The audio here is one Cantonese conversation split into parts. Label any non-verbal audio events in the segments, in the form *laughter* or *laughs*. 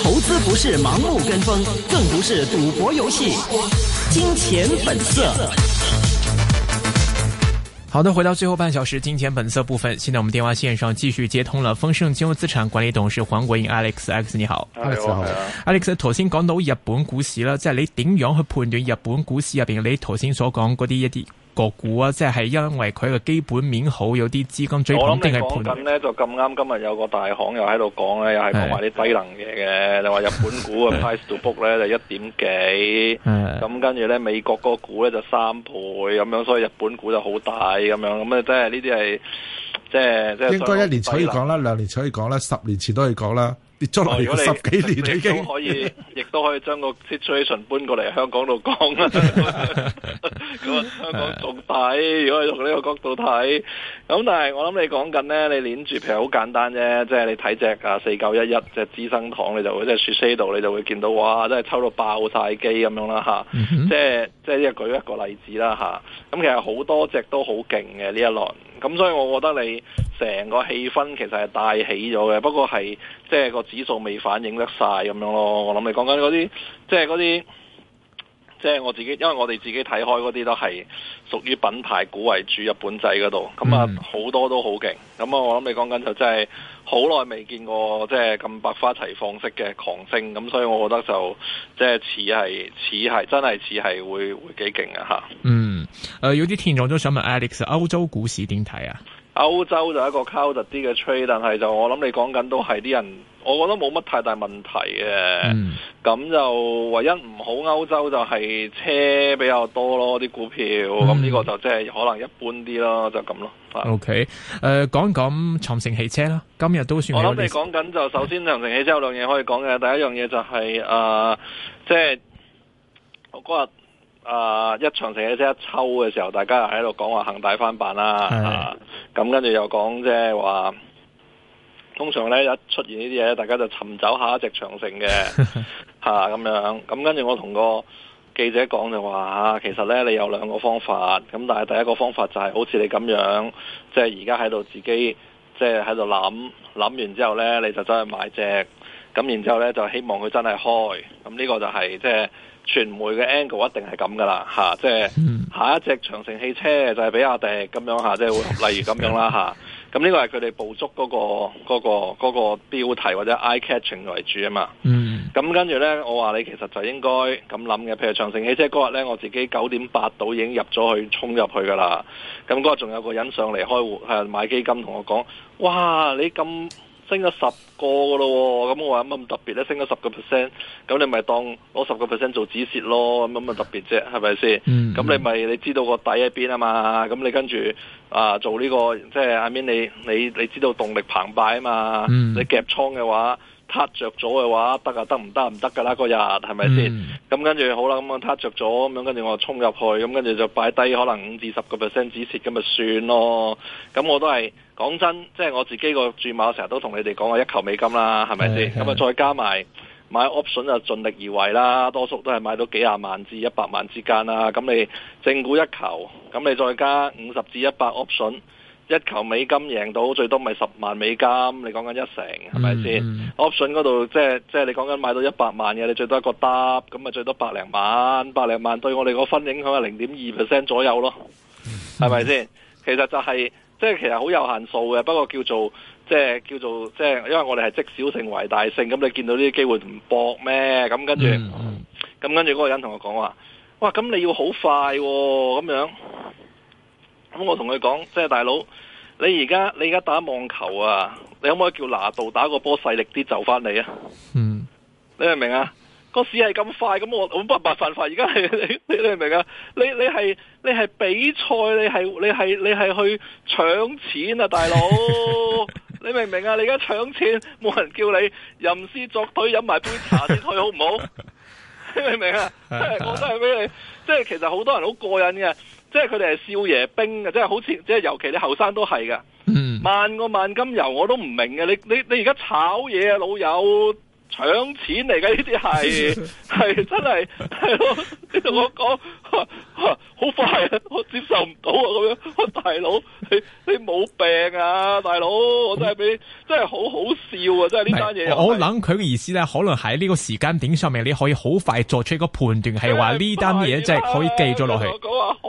投資不是盲目跟風，更不是賭博遊戲。金錢本色。好的，回到最後半小時金錢本色部分。現在我們電話線上繼續接通了。豐盛金融資產管理董事黃國英 Alex，Alex 你好。Alex 你好。Alex 頭先講到日本股市啦，即係你點樣去判斷日本股市入邊？你頭先所講嗰啲一啲。個股啊，即係因為佢個基本面好，有啲資金追捧，一定係盤。近咧就咁啱，今日有個大行又喺度講咧，又係講埋啲低能嘢嘅， *laughs* 你話日本股嘅 price to book 咧就一點幾，咁 *laughs* 跟住咧美國嗰個股咧就三倍咁樣，所以日本股就好大咁樣，咁咧即係呢啲係即係即係。應該一年可以講啦，兩年可以講啦，十年前都可以講啦。跌咗落，如果你十幾年已經可以，亦都 *laughs* 可以將個 situation 搬過嚟香港度講啦。 *laughs* *laughs* 香港仲大， *laughs* 如果係從呢個角度睇，咁但係我諗你講緊咧，你諗住，其實好簡單啫。即係你睇隻啊四九一一，隻資生堂，你就喺即係 Shiseido 你就會見到哇，真係抽到爆晒機咁樣啦吓。即係即係舉一個例子啦吓。咁其實好多隻都好勁嘅呢一輪。咁所以我覺得你。成個氣氛其實係帶起咗嘅，不過係即係個指數未反映得晒咁樣咯。我諗你講緊嗰啲，即係嗰啲，即係我自己，因為我哋自己睇開嗰啲都係屬於品牌股為主，日本仔嗰度，咁啊好多都好勁。咁啊，我諗你講緊就真係好耐未見過，即係咁百花齊放式嘅狂升。咁所以我覺得就即係似係似係真係似係會會幾勁啊吓。嗯，誒、呃，有啲聽眾我都想問 Alex，歐洲股市點睇啊？歐洲就係一個 cautious 啲嘅 trade，但係就我諗你講緊都係啲人，我覺得冇乜太大問題嘅。咁、嗯、就唯一唔好歐洲就係車比較多咯，啲股票，咁呢個就即係可能一般啲咯，就咁咯。OK，誒、呃，講講長城汽車啦，今日都算我諗你講緊就首先長城汽車有兩嘢可以講嘅，第一樣嘢就係、是、誒、呃，即係我覺得。啊！一長城嘅即一抽嘅時候，大家又喺度講話恒大翻版啦。咁跟住又講即係話，通常呢一出現呢啲嘢，大家就尋找下一隻長城嘅，吓咁樣。咁、嗯、跟住我同個記者講就話吓，其實呢，你有兩個方法。咁、嗯、但係第一個方法就係好似你咁樣，即係而家喺度自己即係喺度諗諗完之後呢，你就走去買隻。咁、嗯、然之後咧就希望佢真係開。咁、嗯、呢、呢個就係即係。就是就是就是傳媒嘅 angle 一定係咁噶啦，嚇、啊，即、就、係、是、下一隻長城汽車就係比亞迪咁樣嚇，即、啊、係、就是、例如咁樣啦嚇，咁呢、 *laughs* 啊、個係佢哋捕捉嗰、那個嗰、那個嗰、那個、標題或者 eye catching 為主啊嘛，咁、 *laughs* 啊、跟住咧，我話你其實就應該咁諗嘅，譬如長城汽車嗰日咧，我自己九點八到已經入咗去衝入去噶啦，咁嗰日仲有個人上嚟開戶係買基金，同我講，哇，你咁～升咗十個噶咯，咁我話乜咁特別咧？升咗十個 percent，咁你咪當攞十個 percent 做止蝕咯，咁乜咁特別啫？係咪先？咁你咪你知道個底喺邊啊嘛？咁你跟住啊做呢個即係阿 Min，你你你知道動力澎湃啊嘛？嗯、你夾倉嘅話，撻着咗嘅話，得啊，得唔得？唔得噶啦，嗰日係咪先？咁跟住好啦，咁我撻着咗，咁樣跟住我衝入去，咁跟住就擺低可能五至十個 percent 止蝕咁咪算咯。咁我都係。講真，即係我自己個注碼，成日都同你哋講話一球美金啦，係咪先？咁啊， *music* 再加埋買 option 就盡力而為啦，多數都係買到幾廿萬至一百萬之間啦。咁你正股一球，咁你再加五十至一百 option，一球美金贏到最多咪十萬美金？你講緊一成，係咪先？option 嗰度即係即係你講緊買到一百萬嘅，你最多一個 dot，咁啊最多百零萬，百零萬對我哋個分影響係零點二 percent 左右咯，係咪先？ *music* 其實就係、是。即係其實好有限數嘅，不過叫做即係叫做即係，因為我哋係積小勝為大勝，咁你見到呢啲機會唔搏咩？咁跟住，咁、mm hmm. 跟住嗰個人同我講話，哇，咁你要好快、哦，咁樣。咁我同佢講，即係大佬，你而家你而家打網球啊，你可唔可以叫拿度打個波勢力啲就翻你啊？嗯、mm，hmm. 你明唔明啊？個市係咁快，咁我冇辦法。而家係你，你明唔明啊？你你係你係比賽，你係你係你係去搶錢啊，大佬！ *laughs* 你明唔明啊？你而家搶錢，冇人叫你吟詩作對，飲埋杯茶先退好唔好？ *laughs* 你明唔明啊？ *laughs* *laughs* 我都係俾你，即係其實好多人好過癮嘅，即係佢哋係少爺兵嘅，即係好似，即係尤其你後生都係噶。萬個萬金油，我都唔明嘅。你你你而家炒嘢啊，老友！搶錢嚟噶呢啲係係真係係咯，你同我講，好快啊，我接受唔到啊，咁樣，我大佬你你冇病啊，大佬，我真係俾真係好好笑啊，真係呢單嘢。嗯、我諗佢嘅意思咧，可能喺呢個時間點上面，你可以好快作出一個判斷，係話呢單嘢真係可以記咗落去。是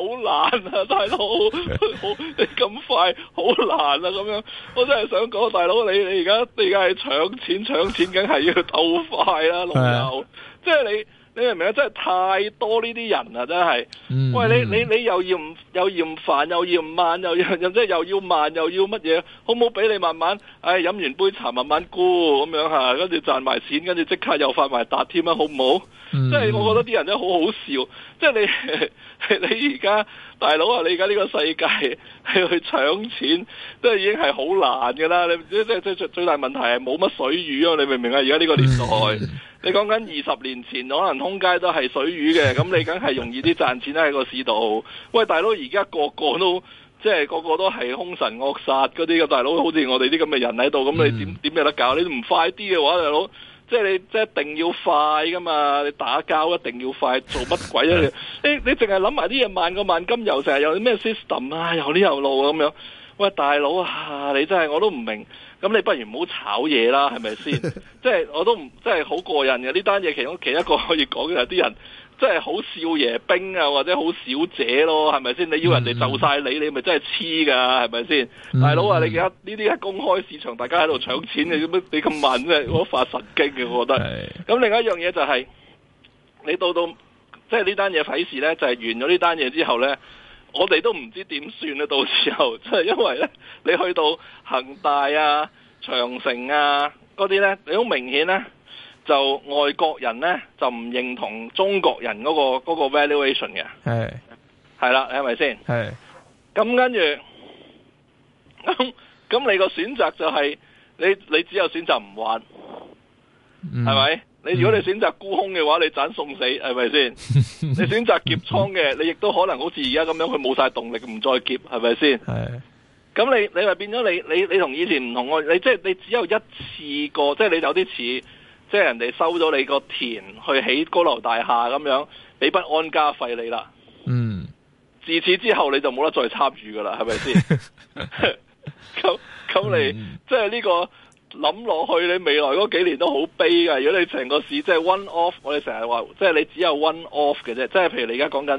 啊！ *laughs* *laughs* *laughs* 大佬，yes，好你咁快，好難啊！咁樣，我真係想講，大佬你你而家你而家係搶錢搶錢，梗係要去鬥快啦，老友，即係你。你明唔明啊？真係太多呢啲人啦，真係。嗯、喂，你你你又要唔又嫌煩，又嫌慢，又又即係又要慢，又慢，又慢，又要乜嘢？好唔好俾你慢慢，唉，飲完杯茶慢慢沽咁樣吓，跟住賺埋錢，跟住即刻又發埋達添啦，好唔好？嗯、即係我覺得啲人真係好好笑。即係你你而家大佬啊，你而家呢個世界係去搶錢即係已經係好難㗎啦。你即即即最大問題係冇乜水魚啊！你明唔明啊？而家呢個年代。嗯你講緊二十年前，可能通街都係水魚嘅，咁你梗係容易啲賺錢啦喺個市度。 *laughs* 喂，大佬而家個個都即係、就是、個個都係凶神惡煞嗰啲嘅，大佬好似我哋啲咁嘅人喺度，咁你點點有得搞？你唔快啲嘅話，大佬即係你即係、就是、一定要快噶嘛，你打交一定要快，做乜鬼啊？ *laughs* 你你淨係諗埋啲嘢，萬個萬金油，成日有啲咩 system 啊，有呢有路咁樣。喂，大佬啊，你真係我都唔明。咁你不如唔好炒嘢啦，係咪先？ *laughs* 即係我都唔，即係好過癮嘅呢單嘢。其中其中一個可以講嘅係啲人，即係好少爺兵啊，或者好小姐咯，係咪先？你要人哋就晒你，嗯、你咪真係黐噶，係咪先？嗯、大佬啊，你而家呢啲係公開市場，大家喺度搶錢你咁敏咧？我發神經嘅，我覺得。咁是另外一樣嘢就係、是，你到到即係呢單嘢睇事咧，就係、是、完咗呢單嘢之後咧。我哋都唔知點算啊！到時候即係因為呢，你去到恒大啊、長城啊嗰啲呢，你好明顯呢，就外國人呢，就唔認同中國人嗰個嗰個 valuation 嘅，係係啦，你係咪先？係咁的跟住咁你個選擇就係、是、你你只有選擇唔玩。係咪？ *music* 你如果你選擇沽空嘅話，你盞送死係咪先？你選擇劫倉嘅，你亦都可能好似而家咁樣，佢冇晒動力唔再劫，係咪先？係。咁 *music* 你你話變咗你你你同以前唔同我，你即係你只有一次過，即係你有啲似，即係人哋收咗你個田去起高樓大廈咁樣，俾筆安家費你啦。嗯， *music* 自此之後你就冇得再參與噶啦，係咪先？咁咁你，即係呢個。諗落去，你未來嗰幾年都好悲噶。如果你成個市即係 one off，我哋成日話，即係你只有 one off 嘅啫。即係譬如你而家講緊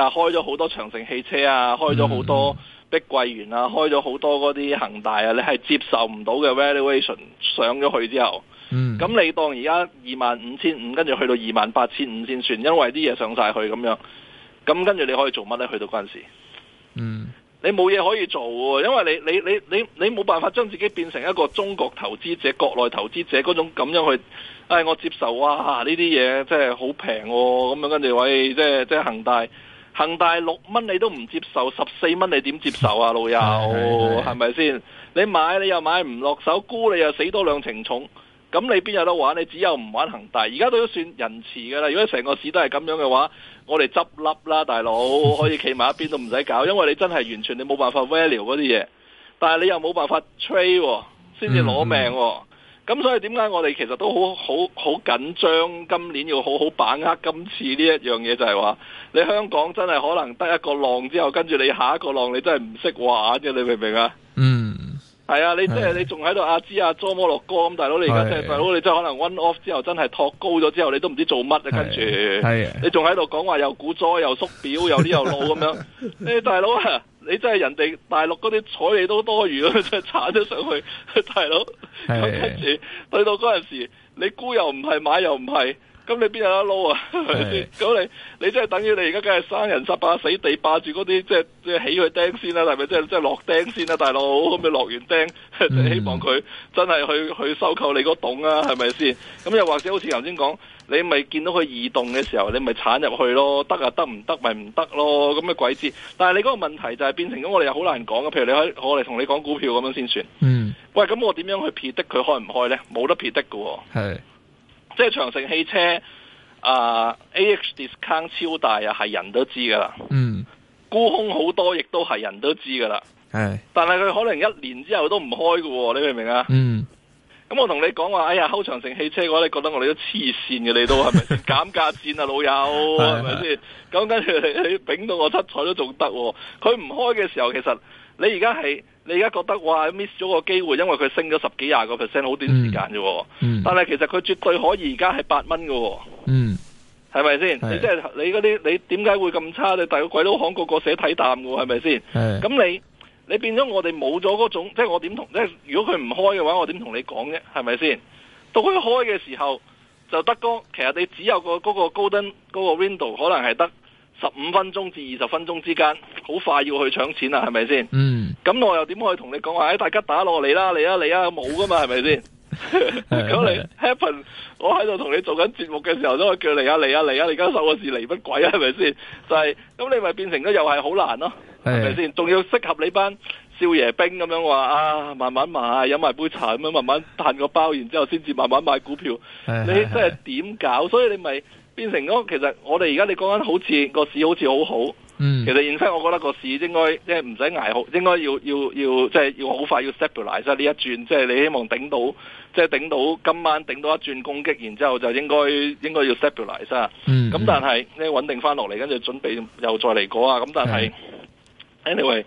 啊，開咗好多長城汽車啊，開咗好多碧桂園啦、啊，開咗好多嗰啲恒大啊，你係接受唔到嘅 valuation 上咗去之後，咁、嗯、你當而家二萬五千五，跟住去到二萬八千五先算，因為啲嘢上晒去咁樣，咁跟住你可以做乜呢？去到嗰陣時，嗯。你冇嘢可以做喎，因為你你你你你冇辦法將自己變成一個中國投資者、國內投資者嗰種咁樣去，誒、哎、我接受啊呢啲嘢，即係好平喎，咁樣跟住喂，即係即係恒大，恒大六蚊你都唔接受，十四蚊你點接受啊？老友，係咪先？你買你又買唔落手，沽你又死多兩程重，咁你邊有得玩？你只有唔玩恒大，而家都算仁慈㗎喇。如果成個市都係咁樣嘅話，我哋執笠啦，大佬可以企埋一邊都唔使搞，因為你真係完全你冇辦法 value 嗰啲嘢，但係你又冇辦法 trade，先至攞命。咁所以點解我哋其實都好好好緊張，今年要好好把握今次呢一樣嘢，就係話你香港真係可能得一個浪之後，跟住你下一個浪，你真係唔識玩嘅，你明唔明啊？嗯。係啊，你即、就、係、是啊、你仲喺度阿芝阿 j 摩洛哥咁，大佬你而家即係大佬你即係可能 one off 之後真係托高咗之後，你都唔知做乜啊，跟住著，啊、你仲喺度講話又股災又縮表又呢又老咁樣，誒、 *laughs* 欸，大佬啊，你真係人哋大陸嗰啲彩你都多餘咯， *laughs* 真係炒咗上去，大佬，咁跟住去到嗰陣時，你沽又唔係買又唔係。咁你邊有得撈啊？係咪先？咁你你即係等於你而家梗係生人殺啊！死地霸住嗰啲，即係即係起佢釘先啦，係咪？即係即係落釘先啦，大佬！咁你落完釘，你希望佢真係去去收購你個棟啊？係咪先？咁又或者好似頭先講，你咪見到佢移動嘅時候，你咪鏟入去咯？得啊，得唔得咪唔得咯？咁咩鬼知？但係你嗰個問題就係變成咗我哋又好難講嘅。譬如你可我哋同你講股票咁樣先算。嗯。喂，咁我點樣去撇的佢開唔開咧？冇得撇的嘅。係。即係長城汽車啊、呃、，A H discount 超大啊，係人都知噶啦。嗯，沽空好多，亦都係人都知噶啦。係的，但係佢可能一年之後都唔開噶、哦，你明唔明啊？嗯。咁我同你講話，哎呀，溝長城汽車嘅話，你覺得我哋都黐線嘅，你都係咪？減價 *laughs* 戰啊，老友，係咪先？咁跟住你，你頂到我七彩都仲得。佢唔開嘅時候，其實你而家係。你而家覺得話 miss 咗個機會，因為佢升咗十幾廿個 percent，好短時間啫。嗯。Mm, mm, 但係其實佢絕對可以而家係八蚊嘅。嗯、mm, 吧。係咪先？你即係你嗰啲，你點解會咁差？你但係鬼佬行個個寫睇淡嘅喎，係咪先？係是的。咁你你變咗我哋冇咗嗰種，即係我點同？即係如果佢唔開嘅話，我點同你講啫？係咪先？到佢開嘅時候，就得哥。其實你只有、嗰個嗰、嗰個高登嗰個 window 可能係得。十五分鐘至二十分鐘之間，好快要去搶錢啦，係咪先？嗯，咁我又點可以同你講話？哎，大家打落嚟啦，嚟啊，嚟啊，冇噶嘛，係咪先？咁你 happen 我喺度同你做緊節目嘅時候都可以叫嚟啊嚟啊嚟啊！你而家受個事嚟乜鬼啊？係咪先？就係咁，你咪變成咗又係好難咯，係咪先？仲要適合你班少爺兵咁樣話啊，慢慢買，飲埋杯茶咁樣，慢慢嘆個包，然之後先至慢慢買股票。你真係點搞？所以你咪。變成咗，其實我哋而家你講緊好似個市好似好好，嗯、其實現實我覺得個市應該即係唔使捱好，應該要要要即係要好快要 stabilize 呢一轉，即係你希望頂到，即係頂到今晚頂到一轉攻擊，然之後就應該應該要 stabilize、嗯。咁但係你係穩定翻落嚟，跟住準備又再嚟過啊！咁但係、嗯，anyway，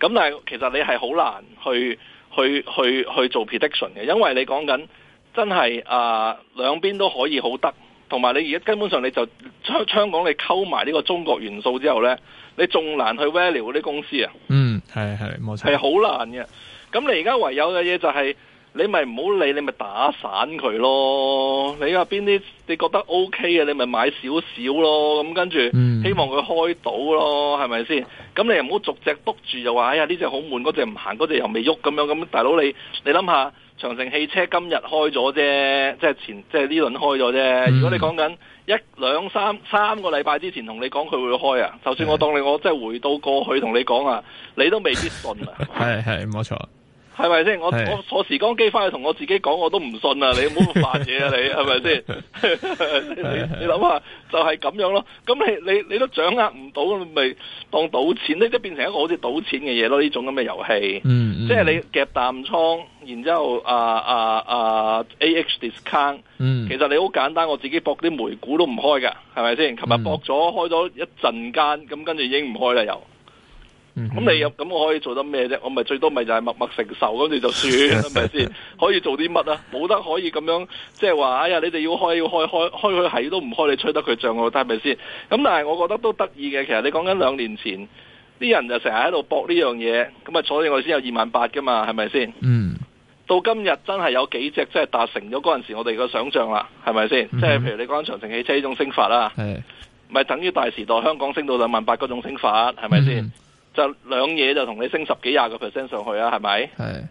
咁但係其實你係好難去去去去，去做 prediction 嘅，因為你講緊真係啊兩邊都可以好得。同埋你而家根本上你就喺香港，你溝埋呢個中國元素之後呢，你仲難去 value 啲公司啊？嗯，係係冇錯，係好難嘅。咁你而家唯有嘅嘢就係、是，你咪唔好理，你咪打散佢咯。你話邊啲你覺得 OK 嘅，你咪買少少咯。咁跟住希望佢開到咯，係咪先？咁你又唔好逐隻篤住就話，哎呀呢隻好悶，嗰隻唔行，嗰隻又未喐咁樣。咁大佬你你諗下？長城汽車今日開咗啫，即係前即係呢輪開咗啫。如果你講緊一兩三三個禮拜之前同你講佢會開啊，就算我當你我即係回到過去同你講啊，你都未必信啊。係係冇錯。 *noise* 係咪先？我我坐時光機翻去同我自己講，我都唔信啊！你唔好扮嘢啊！你係咪先？你你諗下，就係、是、咁樣咯。咁你你你都掌握唔到，咪當賭錢咧？都係變成一個好似賭錢嘅嘢咯。呢種咁嘅遊戲，嗯嗯、即係你夾淡倉，然之後啊啊啊，A H discount，嗯。其實你好簡單，我自己博啲美股都唔開噶，係咪先？琴日博咗開咗一陣間，咁跟住已經唔開啦又。咁、嗯、你又咁我可以做得咩啫？我咪最多咪就係默默承受跟住就算，係咪先？可以做啲乜啊？冇得可以咁樣，即係話哎呀，你哋要開要開開開佢係都唔開，你吹得佢漲我得係咪先？咁但係我覺得都得意嘅。其實你講緊兩年前，啲人就成日喺度搏呢樣嘢，咁啊，所以我哋先有二萬八噶嘛，係咪先？嗯。到今日真係有幾隻即係達成咗嗰陣時我哋個想象啦，係咪先？即係、嗯、哼譬如你講長城汽車呢種升法啦，係咪是等於大時代香港升到兩萬八嗰種升法，係咪先？嗯就兩嘢就同你升十幾廿個 percent 上去啊，係咪？係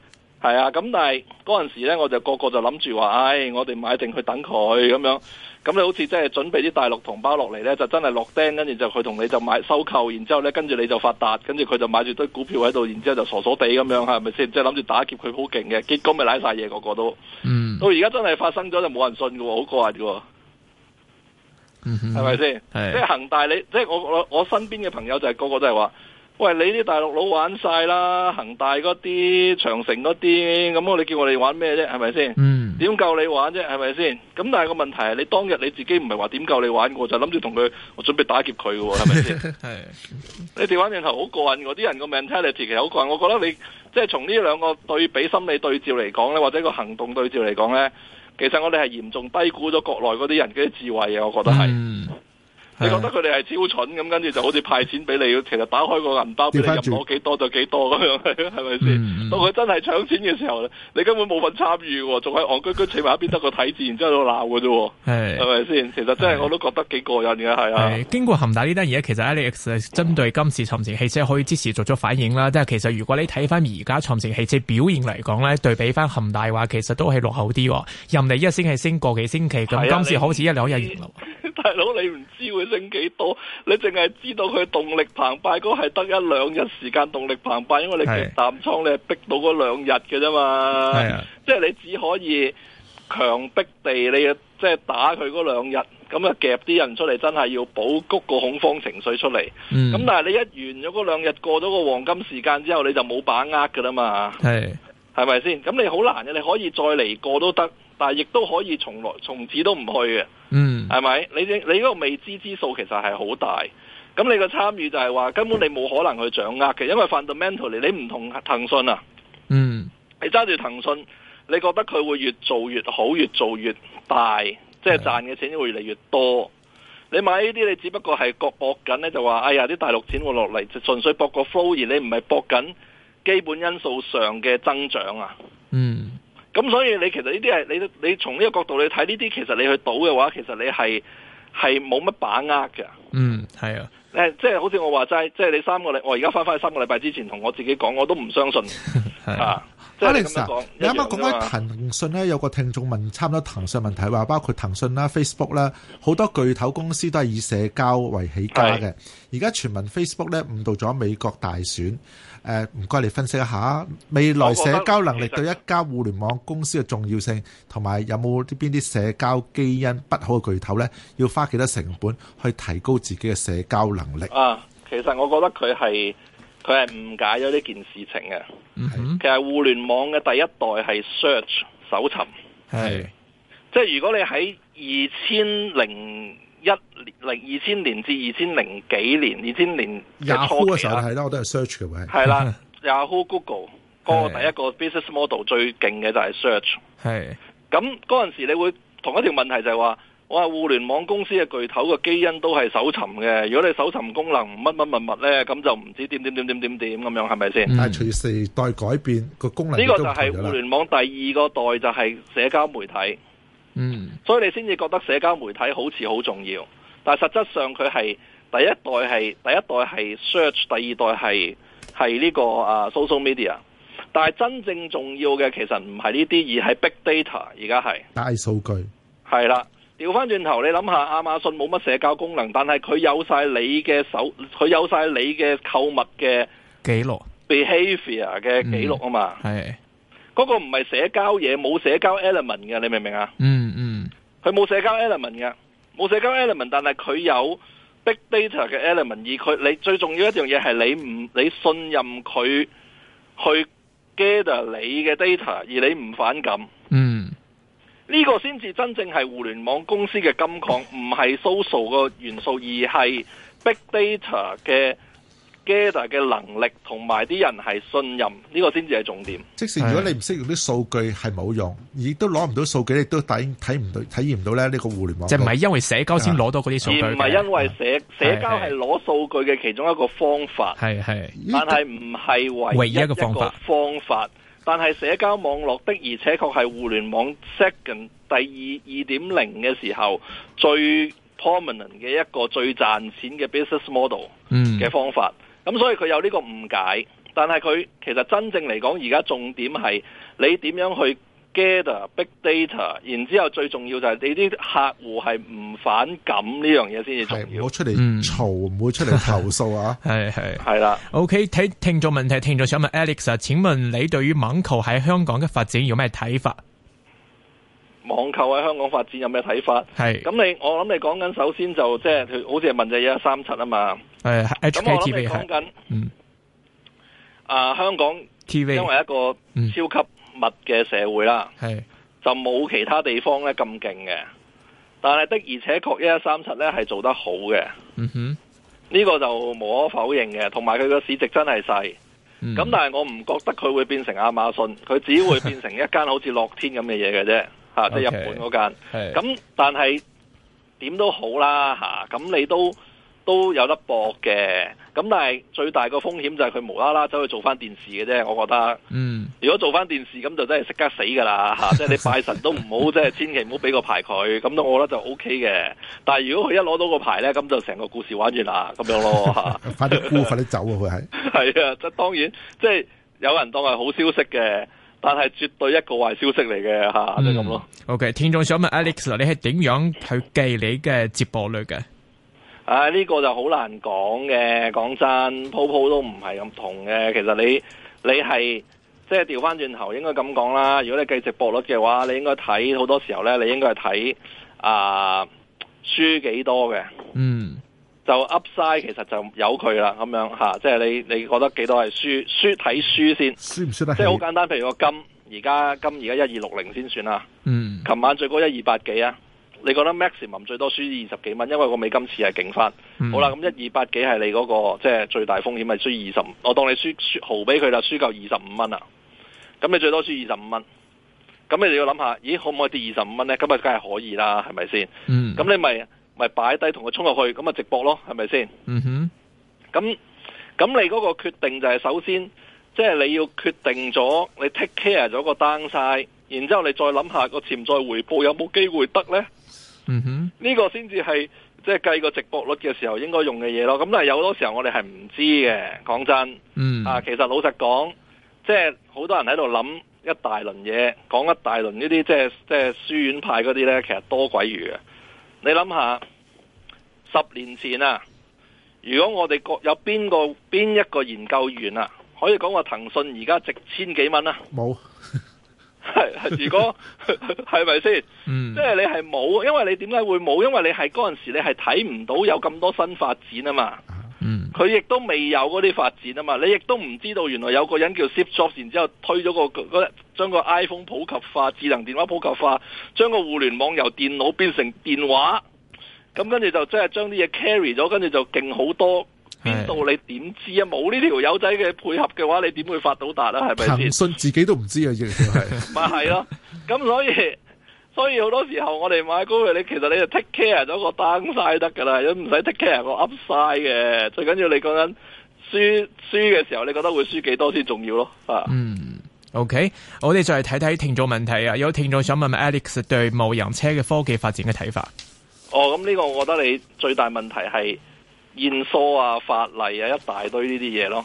係啊，咁但係嗰陣時咧，我就個個就諗住話，唉、哎，我哋買定去等佢咁樣。咁你好似即係準備啲大陸同胞落嚟咧，就真係落釘，跟住就佢同你就買收購，然之後咧，跟住你就發達，跟住佢就買住堆股票喺度，然之後就傻傻地咁樣，係咪先？即係諗住打劫佢好勁嘅，嗯、結果咪瀨晒嘢，個個都。到而家真係發生咗，就冇人信㗎，好過癮㗎。嗯哼。係咪先？即係恒大，你即係我我我身邊嘅朋友就係、是、個個都係話。喂，你啲大陸佬玩晒啦，恒大嗰啲、長城嗰啲，咁我哋叫我哋玩咩啫？係咪先？點夠、嗯、你玩啫？係咪先？咁但係個問題係，你當日你自己唔係話點夠你玩我就諗住同佢，我準備打劫佢嘅，係咪先？ *laughs* 是你哋玩轉頭好過癮嘅，啲人個 mentality 其實好過癮。我覺得你即係從呢兩個對比心理對照嚟講呢，或者個行動對照嚟講呢，其實我哋係嚴重低估咗國內嗰啲人嘅智慧嘅，我覺得係。嗯你覺得佢哋係超蠢咁，跟住就好似派錢俾你，其實打開個銀包俾你入攞幾多就幾多咁樣，係咪先？ *laughs* 嗯、到佢真係搶錢嘅時候你根本冇份參與喎，仲係戇居居企埋一邊得個睇字，然之後喺度鬧嘅啫，係咪先？其實真係的我都覺得幾過癮嘅，係啊。經過恒大呢單嘢，其實 Alex 針對今次長城汽車可以支持作出反應啦。即係其實如果你睇翻而家長城汽車表現嚟講咧，對比翻恒大話，其實都係落後啲。任你一星期先過幾星期，咁今次好似一兩日 *laughs* 大佬你唔知升幾多？你淨係知道佢動力澎湃，嗰係得一兩日時間動力澎湃，因為你嘅淡倉你係逼到嗰兩日嘅啫嘛。係啊的，即係你只可以強逼地你，即係打佢嗰兩日，咁啊夾啲人出嚟，真係要補谷個恐慌情緒出嚟。嗯，咁但係你一完咗嗰兩日，過咗個黃金時間之後，你就冇把握噶啦嘛。係的，係咪先？咁你好難嘅，你可以再嚟過都得。但亦都可以從來從此都唔去嘅，係咪？嗯？你你你個未知之數其實係好大，咁你個參與就係話根本你冇可能去掌握嘅，因為 fundamentally 你唔同騰訊啊，嗯，你揸住騰訊，你覺得佢會越做越好，越做越大，即係賺嘅錢會越嚟越多。你買呢啲，你只不過係個搏緊呢，就話哎呀啲大陸錢會落嚟，就純粹搏個 flow 而你唔係搏緊基本因素上嘅增長啊，嗯。咁所以你其實呢啲係你你從呢個角度你睇呢啲其實你去賭嘅話，其實你係係冇乜把握嘅。嗯，係啊。誒，即係好似我話齋，即係你三個禮，我而家翻翻去三個禮拜之前同我自己講，我都唔相信啊。Alex，你，啱啱講開騰訊咧，有個聽眾問差唔多騰訊問題，話包括騰訊啦、Facebook 啦，好多巨頭公司都係以社交為起家嘅。而家傳聞的 Facebook 咧誤導咗美國大選。誒、呃，唔該，你分析一下未來社交能力對一家互聯網公司嘅重要性，同埋有冇啲邊啲社交基因不好嘅巨頭咧，要花幾多成本去提高自己嘅社交能力？啊，其實我覺得佢係。佢係誤解咗呢件事情嘅。嗯、哼其實互聯網嘅第一代係 search 搜尋，係是即係如果你喺二千零一零二千年至二千零幾年，二千年嘅初期 Yahoo 嘅時候係、啊、啦，我都係 search 嘅位。係啦，Yahoo Google 嗰個第一個 business model 最勁嘅就係 search。係咁嗰陣時你會同一條問題就係話。我話互聯網公司嘅巨頭個基因都係搜尋嘅，如果你搜尋功能乜乜乜乜呢，咧，咁就唔知點點點點點點咁樣，係咪先？嗯，但係隨時代改變個功能呢個就係互聯網第二個代，就係社交媒體。嗯，所以你先至覺得社交媒體好似好重要，但實質上佢係第一代係第一代係 search，第二代係係呢個啊 social media，但係真正重要嘅其實唔係呢啲，而係 big data，而家係大數據係啦。調翻轉頭，你諗下，亞馬遜冇乜社交功能，但係佢有晒你嘅手，佢有晒你嘅購物嘅記錄，behavior 嘅記錄啊嘛，係嗰個唔係社交嘢，冇社交 element 嘅，你明唔明啊？嗯嗯，佢冇社交 element 嘅，冇社交 element，但係佢有 big data 嘅 element，而佢你最重要一樣嘢係你唔你信任佢去 gather 你嘅 data，而你唔反感。呢個先至真正係互聯網公司嘅金礦，唔係 social 嘅元素，而係 big data 嘅 d 嘅嘅能力同埋啲人係信任，呢、這個先至係重點。即使如果你唔識用啲數據,據，係冇用，亦都攞唔到數據，亦都睇睇唔到體驗唔到咧呢個互聯網。即係唔係因為社交先攞到嗰啲數據？唔係因為社社交係攞數據嘅其中一個方法。係係，但係唔係唯一一個方法。但係社交網絡的，而且確係互聯網 second 第二二點零嘅時候最 prominent 嘅一個最賺錢嘅 business model 嘅方法。咁、嗯嗯、所以佢有呢個誤解，但係佢其實真正嚟講，而家重點係你點樣去。gather big data，然之後最重要就係你啲客戶係唔反感呢樣嘢，先至重要。係出嚟嘈，唔會、嗯、出嚟投訴啊！係係係啦。的 OK，睇聽眾問題，聽眾想問 Alex 啊，請問你對於網購喺香港嘅發展有咩睇法？網購喺香港發展有咩睇法？係咁是，你我諗你講緊首先就即係、就是、好似係問就一三七啊嘛。係、嗯啊、HKTV 講緊嗯啊香港 TV 因為一個超級、嗯。物嘅社會啦，係就冇其他地方咧咁勁嘅，但係的而且確一一三七咧係做得好嘅。嗯哼，呢個就無可否認嘅，同埋佢個市值真係細，咁但係我唔覺得佢會變成亞馬遜，佢只會變成一間好似樂天咁嘅嘢嘅啫，嚇，即係日本嗰間，咁但係點都好啦，嚇，咁你都。都有得搏嘅，咁但係最大個風險就係佢無啦啦走去做翻電視嘅啫，我覺得。嗯。如果做翻電視咁就真係即刻死噶啦吓，即係、 *laughs* 啊就是、你拜神都唔好，即、就、係、是、千祈唔好俾個牌佢。咁咧，我覺得就 O K 嘅。但係如果佢一攞到一個牌咧，咁就成個故事玩完啦，咁樣咯吓。反正孤墳都走啊，佢係。係啊，即、就、係、是、當然，即、就、係、是、有人當係好消息嘅，但係絕對一個壞消息嚟嘅吓咁咯。O K，聽眾想問 Alex，你係點樣去計你嘅接播率嘅？啊！呢、這個就好難講嘅，講真，鋪鋪都唔係咁同嘅。其實你你係即係調翻轉頭，應該咁講啦。如果你計值博率嘅話，你應該睇好多時候咧，你應該係睇啊輸幾多嘅。嗯，就 Upside 其實就由佢啦，咁樣吓、啊，即係你你覺得幾多係輸？輸睇輸先，輸唔輸得？即係好簡單，譬如個金，而家金而家一二六零先算啦。嗯，琴晚最高一二八幾啊。你覺得 maximum 最多輸二十幾蚊，因為個美金次係勁翻。嗯、好啦，咁一二八幾係你嗰個即係最大風險係輸二十，我當你輸豪俾佢啦，輸夠二十五蚊啦。咁你最多輸二十五蚊。咁你哋要諗下，咦，可唔可以跌二十五蚊呢？咁啊，梗係可以啦，係咪先？嗯。咁你咪咪擺低同佢衝落去，咁啊直播咯，係咪先？嗯哼。咁咁你嗰個決定就係首先，即係你要決定咗你 take care 咗個 downside，然之後你再諗下個潛在回報有冇機會得呢？嗯哼，呢、mm hmm. 個先至係即係計個直播率嘅時候應該用嘅嘢咯。咁但係有好多時候我哋係唔知嘅，講真，嗯、mm hmm. 啊，其實老實講，即係好多人喺度諗一大輪嘢，講一大輪呢啲即係即係書院派嗰啲咧，其實多鬼餘嘅。你諗下，十年前啊，如果我哋各有邊個邊一個研究員啊，可以講話騰訊而家值千幾蚊啊？冇。係，如果係咪先？嗯， *noise* 即係你係冇，因為你點解會冇？因為你係嗰陣時你係睇唔到有咁多新發展啊嘛。嗯，佢 *noise* 亦都未有嗰啲發展啊嘛。你亦都唔知道原來有個人叫 Steve Jobs 然之後推咗個個將個 iPhone 普及化、智能電話普及化，將個互聯網由電腦變成電話。咁跟住就真係將啲嘢 carry 咗，跟住就勁好多。邊度你點知啊？冇呢條友仔嘅配合嘅話，你點會發到達啊？係咪先？信自己都唔知啊，亦都係。咪係咯？咁所以，所以好多時候我哋買股嘅，你其實你就 take care 咗個 down 晒得噶啦，你唔使 take care 個 up 晒嘅。最緊要你講緊輸輸嘅時候，你覺得會輸幾多先重要咯？啊，嗯，OK，我哋再嚟睇睇聽眾問題啊！有聽眾想問問 Alex 對無人車嘅科技發展嘅睇法。哦，咁呢個我覺得你最大問題係。燕梳啊、法例啊，一大堆呢啲嘢咯。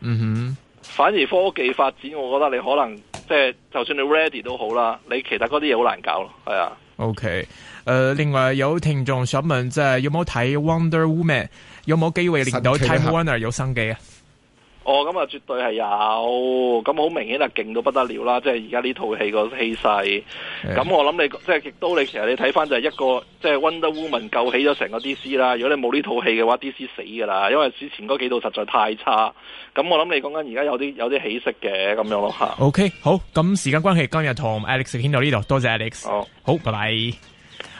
嗯哼、mm，hmm. 反而科技發展，我覺得你可能即係、就是，就算你 ready 都好啦。你其他嗰啲嘢好難搞咯，係啊。OK，誒，另外有聽眾想問，即係有冇睇 Wonder Woman？有冇機會令到 Time Warner？有生機啊？哦，咁啊，絕對係有，咁好明顯啊，勁到不得了啦！即係而家呢套戲個氣勢，咁我諗你即係亦都，你其實你睇翻就係一個即係 Wonder Woman 救起咗成個 DC 啦。如果你冇呢套戲嘅話，DC 死噶啦，因為之前嗰幾套實在太差。咁我諗你講緊而家有啲有啲起色嘅咁樣咯嚇。OK，好，咁時間關係，今日同 Alex 傾到呢度，多謝 Alex。好，好，拜拜。